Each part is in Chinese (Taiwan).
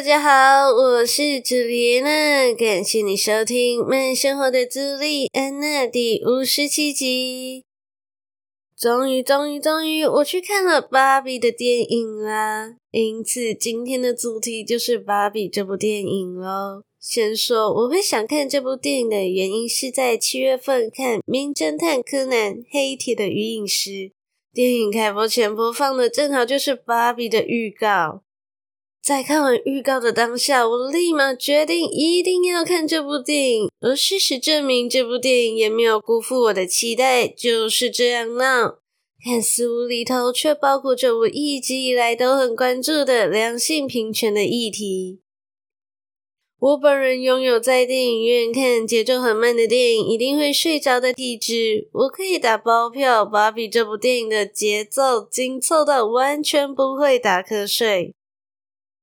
大家好，我是朱莉安娜，感謝你收聽《慢生活的朱莉安娜》第五十七集。終於，終於，終於，我去看了芭比的電影啦！因此，今天的主題就是芭比這部電影嘍。先說我會想看這部電影的原因，是在七月份看《名偵探柯南：黑鐵的魚影》時，電影開播前播放的，正好就是芭比的預告。在看完預告的當下，我立馬決定一定要看這部電影。而事實證明，這部電影也沒有辜負我的期待。就是這樣鬧，看似無厘頭，卻包裹着我一直以來都很關注的兩性平權的議題。我本人擁有在電影院看節奏很慢的電影一定會睡着的體質，我可以打包票，芭比這部電影的節奏緊湊到完全不會打瞌睡。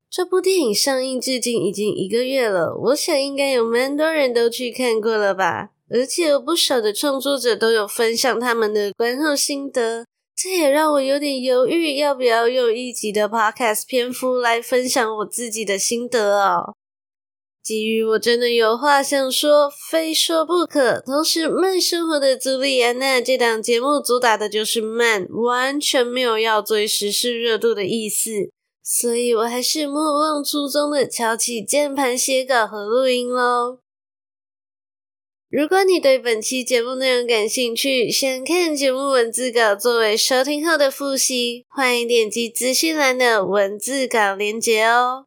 這部電影上映至今已經一個月了，我想應該有蠻多人都去看過了吧。而且有不少的創作者都有分享他們的觀後心得，這也讓我有點猶豫要不要用一集的 podcast 篇幅來分享我自己的心得哦。基於我真的有話想說，非說不可。同時，慢生活的朱莉安娜這檔節目主打的就是慢，完全沒有要追時事熱度的意思。所以，我還是莫忘初衷的敲起鍵盤寫稿和錄音嘍。如果你對本期節目內容感興趣，想看節目文字稿作為收聽後的複習，歡迎點擊資訊欄的文字稿鏈接哦。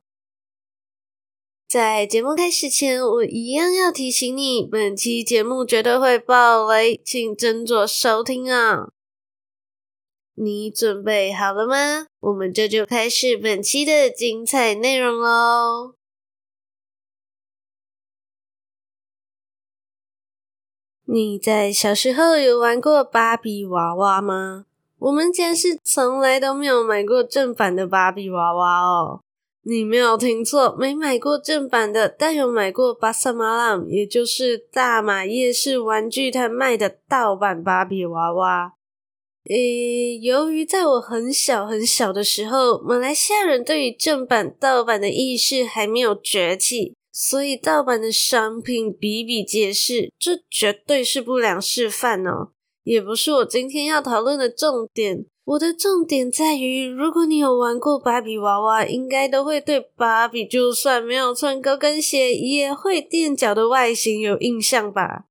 在節目開始前，我一樣要提醒你，本期節目絕對會爆雷，請斟酌收聽啊。你準備好了嗎？我們這就開始本期的精彩內容嘍！你在小時候有玩過芭比娃娃嗎？我們家是從來都沒有買過正版的芭比娃娃哦。你沒有聽錯，沒買過正版的，但有買過巴薩馬拉，也就是大馬夜市玩具攤賣的盜版芭比娃娃。呃、欸，由於在我很小很小的時候，馬來西亞人對於正版盜版的意識還沒有崛起，所以盜版的商品比比皆是，這絕對是不良示範哦、喔。也不是我今天要討論的重點，我的重點在於，如果你有玩過芭比娃娃，應該都會對芭比就算沒有穿高跟鞋也會墊腳的外形有印象吧。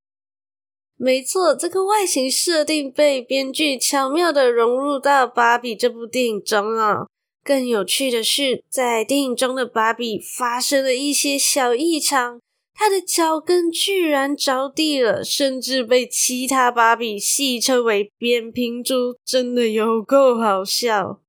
沒錯，這個外形設定被編劇巧妙地融入到《芭比》這部電影中啊。更有趣的是，在電影中的芭比發生了一些小異常，她的腳跟居然着地了，甚至被其他芭比戲稱為“扁平足”，真的有夠好笑。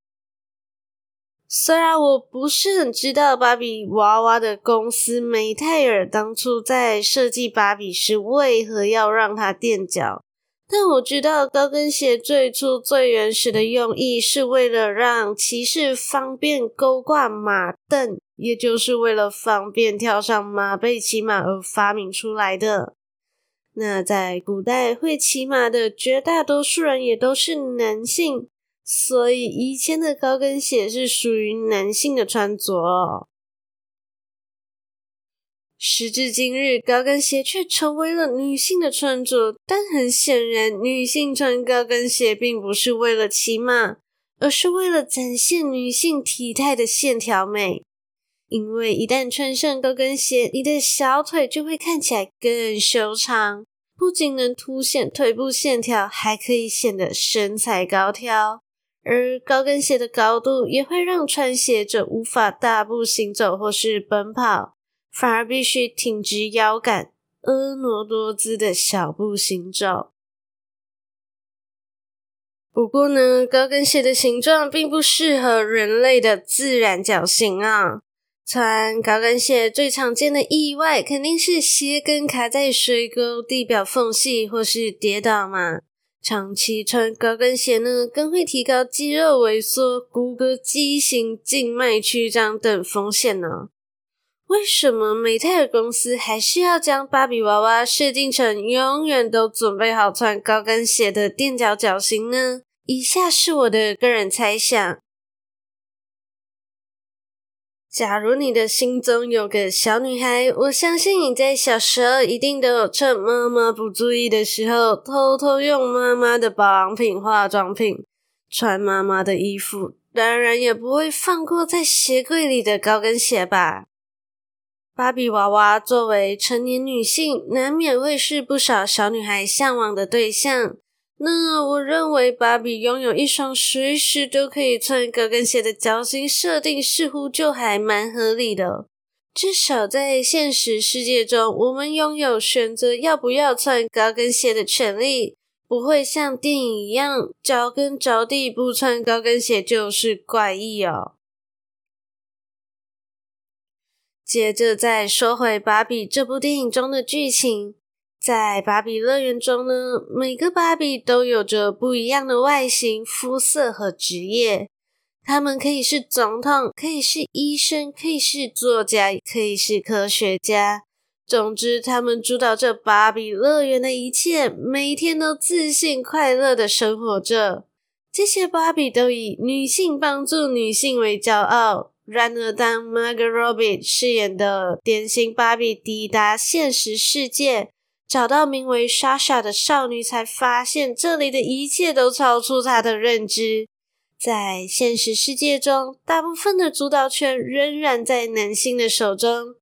雖然我不是很知道芭比娃娃的公司美泰爾當初在設計芭比時為何要讓她墊腳，但我知道高跟鞋最初最原始的用意是為了讓騎士方便勾掛馬鐙，也就是為了方便跳上馬背騎馬而發明出來的。那在古代會騎馬的絕大多數人也都是男性。所以，以前的高跟鞋是屬於男性的穿着喔。時至今日，高跟鞋卻成為了女性的穿着。但很顯然，女性穿高跟鞋並不是為了騎馬，而是為了展現女性體態的線條美。因為一旦穿上高跟鞋，你的小腿就會看起來更修長，不僅能凸顯腿部線條，還可以顯得身材高挑。而高跟鞋的高度也會讓穿鞋者無法大步行走或是奔跑，反而必須挺直腰桿，婀娜多姿的小步行走。不過呢，高跟鞋的形狀並不適合人類的自然腳型啊。穿高跟鞋最常見的意外，肯定是鞋跟卡在水溝、地表縫隙或是跌倒嘛。長期穿高跟鞋呢，更會提高肌肉萎縮、骨骼畸形、靜脈曲張等風險呢。為什麼美泰爾公司還是要將芭比娃娃設定成永遠都準備好穿高跟鞋的墊腳腳型呢？以下是我的個人猜想。假如你的心中有個小女孩，我相信你在小時候一定都有趁媽媽不注意的時候，偷偷用媽媽的保養品、化妝品，穿媽媽的衣服。當然，也不會放過在鞋櫃裡的高跟鞋吧。芭比娃娃作為成年女性，難免會是不少小女孩向往的對象。那我認為，芭比擁有一雙隨時都可以穿高跟鞋的腳型設定，似乎就還蠻合理的。至少在現實世界中，我們擁有選擇要不要穿高跟鞋的權利，不會像電影一樣，腳跟着地不穿高跟鞋就是怪異哦。接着再說回芭比這部電影中的劇情。在芭比樂園中呢，每個芭比都有着不一樣的外形、膚色和職業。他們可以是總統，可以是醫生，可以是作家，也可以是科學家。總之，他們主導着芭比樂園的一切，每天都自信快樂的生活着。這些芭比都以女性幫助女性為驕傲。然而，當 Margot Robbie 飾演的典型芭比抵達現實世界，找到名為莎莎的少女，才發現這裡的一切都超出她的認知。在現實世界中，大部分的主導權仍然在男性的手中，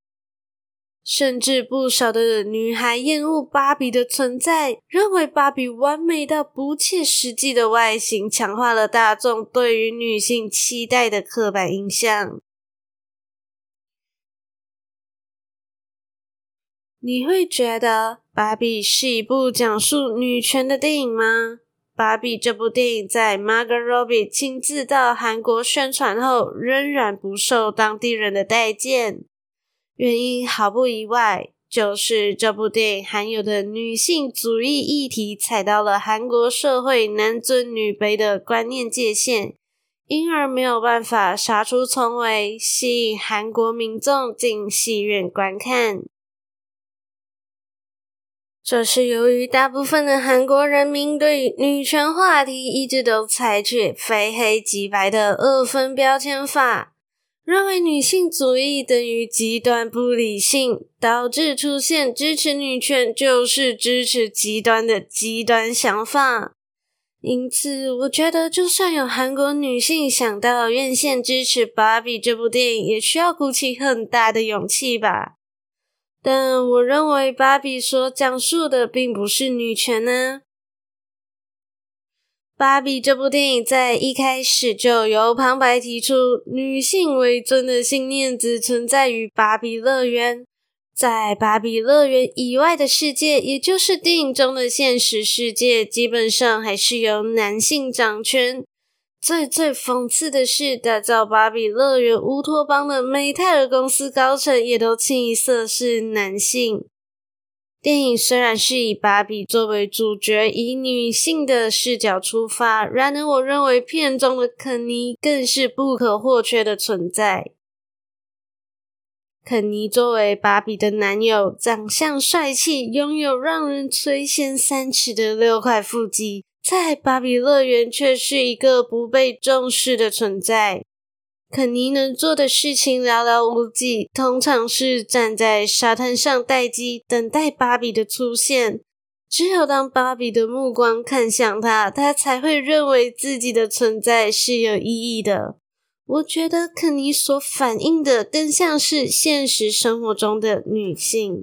甚至不少的女孩厭惡芭比的存在，認為芭比完美到不切實際的外形，強化了大眾對於女性期待的刻板印象。你會覺得《芭比》是一部講述女權的電影嗎？《芭比》這部電影在 Margot Robbie 親自到韓國宣傳後，仍然不受當地人的待見。原因毫不意外，就是這部電影含有的女性主義議題踩到了韓國社會男尊女卑的觀念界限，因而沒有辦法殺出重圍，吸引韓國民眾進戲院觀看。這是由於大部分的韓國人民對女權話題一直都採取非黑即白的二分標籤法，認為女性主義等於極端不理性，導致出現支持女權就是支持極端的極端想法。因此，我覺得就算有韓國女性想到院線支持《芭比》這部電影，也需要鼓起很大的勇氣吧。但我認為，芭比所講述的並不是女權呢。芭比這部電影在一開始就由旁白提出，女性為尊的信念只存在於芭比樂園，在芭比樂園以外的世界，也就是電影中的現實世界，基本上還是由男性掌權。最最諷刺的是，打造芭比樂園烏托邦的美泰爾公司高層也都清一色是男性。電影雖然是以芭比作為主角，以女性的視角出發，然而我認為片中的肯尼更是不可或缺的存在。肯尼作為芭比的男友，長相帥氣，擁有讓人垂涎三尺的六塊腹肌。在芭比樂園卻是一個不被重視的存在。肯尼能做的事情寥寥無幾，通常是站在沙灘上待機，等待芭比的出現。只有當芭比的目光看向他，他才會認為自己的存在是有意義的。我覺得肯尼所反映的更像是現實生活中的女性。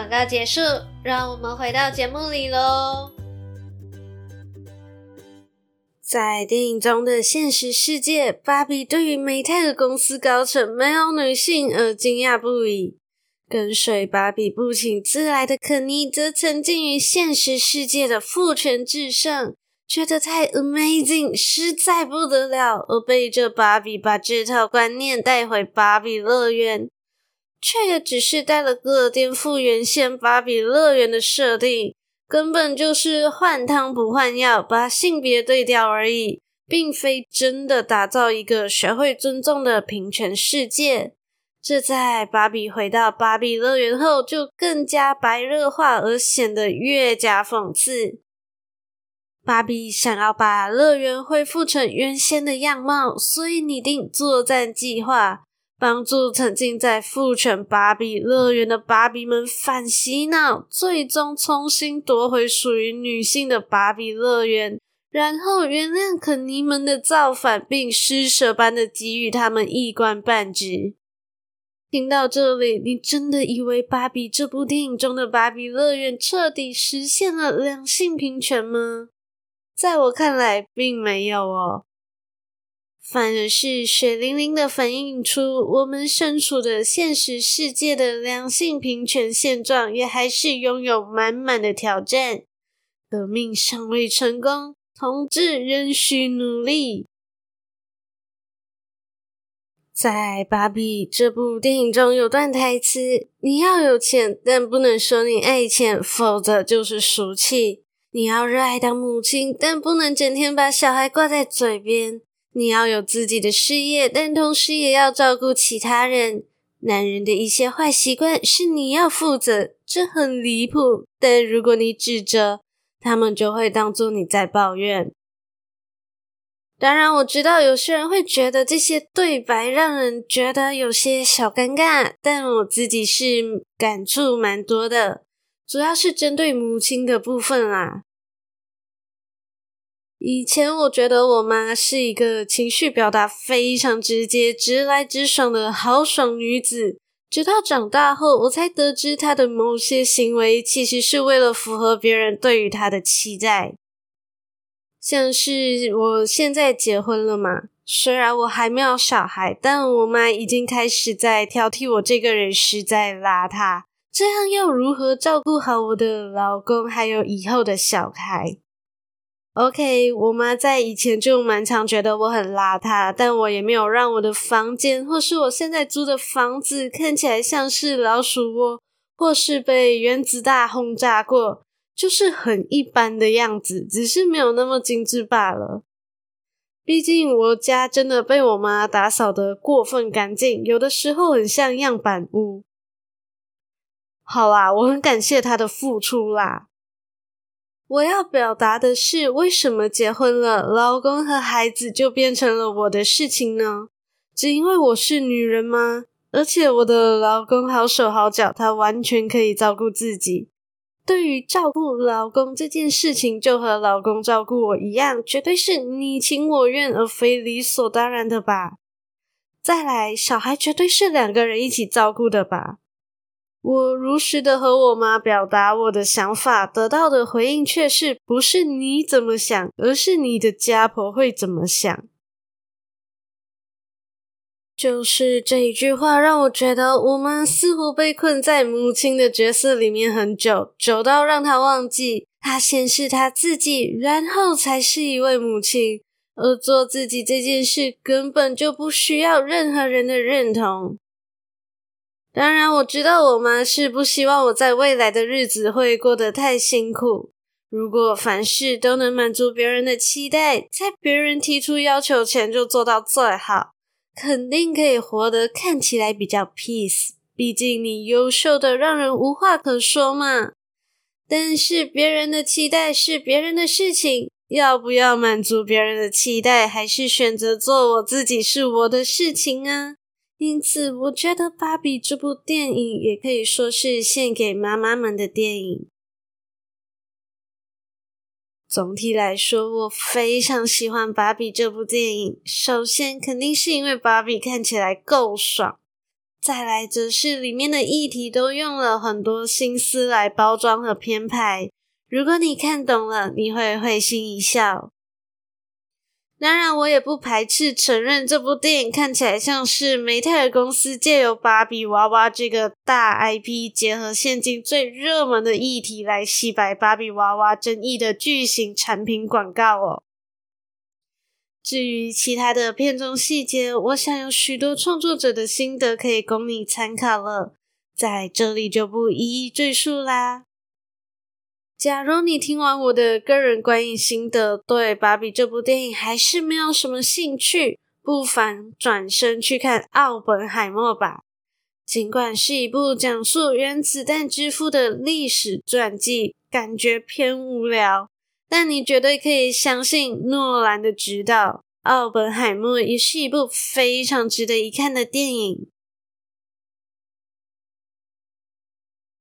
廣告結束，讓我們回到節目裡嘍。在電影中的現實世界，芭比對於美泰兒公司高層沒有女性而驚訝不已。跟隨芭比不請自來的肯尼則沉浸於現實世界的父權至上，覺得太 amazing，實在不得了，而背著芭比把這套觀念帶回芭比樂園。卻也只是帶了個顛覆原先芭比樂園的設定，根本就是換湯不換藥，把性別對調而已，並非真的打造一個學會尊重的平權世界。這在芭比回到芭比樂園後就更加白熱化，而顯得越加諷刺。芭比想要把樂園恢復成原先的樣貌，所以擬定作戰計劃。幫助沉浸在父權芭比樂園的芭比們反洗腦，最終重新奪回屬於女性的芭比樂園，然後原諒肯尼們的造反，並施舍般的給予他們一官半職。聽到這裡，你真的以為《芭比》這部電影中的芭比樂園徹底實現了兩性平權嗎？在我看來，並沒有哦。反而是血淋淋的反映出我們身處的現實世界的兩性平權現狀，也還是擁有滿滿的挑戰。革命尚未成功，同志仍需努力。在《芭比》這部電影中有段台詞：“你要有錢，但不能說你愛錢，否則就是俗氣。你要熱愛當母親，但不能整天把小孩掛在嘴邊。”你要有自己的事業，但同時也要照顧其他人。男人的一些壞習慣是你要負責，這很離譜。但如果你指責，他們就會當作你在抱怨。當然，我知道有些人會覺得這些對白讓人覺得有些小尷尬，但我自己是感觸蠻多的，主要是針對母親的部分啦、啊。以前我覺得我媽是一個情緒表達非常直接、直來直爽的豪爽女子。直到長大後，我才得知她的某些行為其實是為了符合別人對於她的期待。像是我現在結婚了嘛，雖然我還沒有小孩，但我媽已經開始在挑剔我這個人實在邋遢，這樣要如何照顧好我的老公還有以後的小孩？OK，我媽在以前就蠻常覺得我很邋遢，但我也沒有讓我的房間或是我現在租的房子看起來像是老鼠窩，或是被原子彈轟炸過，就是很一般的樣子，只是沒有那麼精緻罷了。畢竟我家真的被我媽打掃得過分乾淨，有的時候很像樣板屋。好啦，我很感謝她的付出啦。我要表達的是，為什麼結婚了，老公和孩子就變成了我的事情呢？只因為我是女人嗎？而且我的老公好手好腳，他完全可以照顧自己。對於照顧老公這件事情，就和老公照顧我一樣，絕對是你情我願，而非理所當然的吧？再來，小孩絕對是兩個人一起照顧的吧？我如實地和我媽表達我的想法，得到的回應卻是，不是你怎麼想，而是你的家婆會怎麼想。就是這一句話，讓我覺得我媽似乎被困在母親的角色裡面很久，久到讓她忘記，她先是她自己，然後才是一位母親。而做自己這件事，根本就不需要任何人的認同。當然，我知道我媽是不希望我在未來的日子會過得太辛苦。如果凡事都能滿足別人的期待，在別人提出要求前就做到最好，肯定可以活得看起來比較 peace。畢竟你優秀的讓人無話可說嘛。但是別人的期待是別人的事情，要不要滿足別人的期待，還是選擇做我自己是我的事情啊？因此，我覺得《芭比》這部電影也可以說是獻給媽媽們的電影。總體來說，我非常喜歡《芭比》這部電影。首先，肯定是因為芭比看起來夠爽；再來，就是裡面的議題都用了很多心思來包裝和編排。如果你看懂了，你會會心一笑。當然，我也不排斥承認，這部電影看起來像是美泰爾公司借由芭比娃娃這個大 IP，結合現今最熱門的議題來洗白芭比娃娃爭議的巨型產品廣告哦。至於其他的片中細節，我想有許多創作者的心得可以供你參考了，在這裡就不一一贅述啦。假如你聽完我的個人觀影心得，對《芭比》這部電影還是沒有什麼興趣，不妨轉身去看《奧本海默》吧。儘管是一部講述原子彈之父的歷史傳記，感覺偏無聊，但你絕對可以相信諾蘭的執導，《奧本海默》也是一部非常值得一看的電影。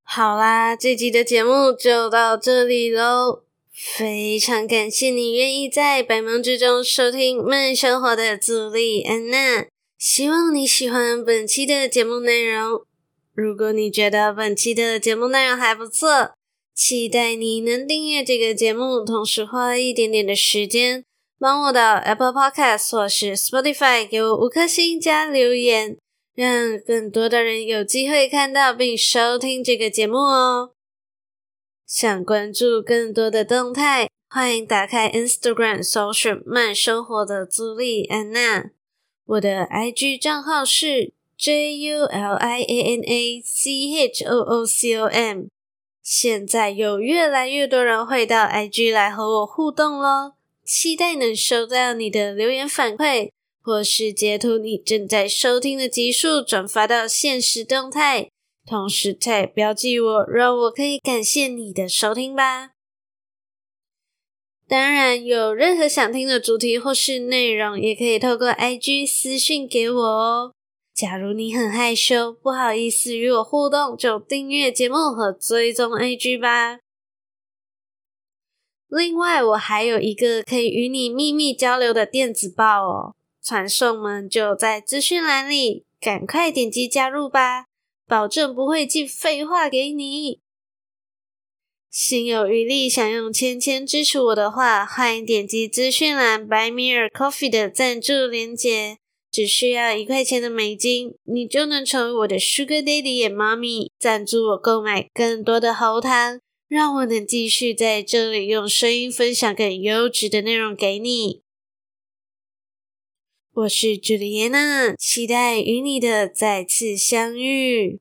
好啦，這集的節目就到這裡嘍。非常感謝你願意在百忙之中收聽《慢生活》的朱力安娜。希望你喜歡本期的節目內容。如果你覺得本期的節目內容還不錯，期待你能訂閱這個節目，同時花一點點的時間，幫我到 Apple Podcast 或是 Spotify 給我五顆星加留言。讓更多的人有機會看到並收聽這個節目哦！想關注更多的動態，歡迎打開 Instagram 搜索“慢生活的朱莉安娜”。我的 IG 賬號是 julianachoocom。現在有越來越多人會到 IG 來和我互動嘍，期待能收到你的留言反饋。或是截圖你正在收聽的集數，轉發到限時動態，同時 tag 標記我，讓我可以感謝你的收聽吧。當然，有任何想聽的主題或是內容，也可以透過 IG 私訊給我哦。假如你很害羞，不好意思與我互動，就訂閱節目和追蹤 IG 吧。另外，我還有一個可以與你秘密交流的電子報哦。傳送門就在資訊欄裡，趕快點擊加入吧！保證不會寄廢話給你。心有餘力想用錢錢支持我的話，歡迎點擊資訊欄 Buy Me A Coffee 的贊助連結，只需要一塊錢的美金，你就能成為我的 Sugar Daddy 也 Mommy，贊助我購買更多的喉糖，讓我能繼續在這裡用聲音分享更優質的內容給你。我是朱莉安娜，期待與你的再次相遇。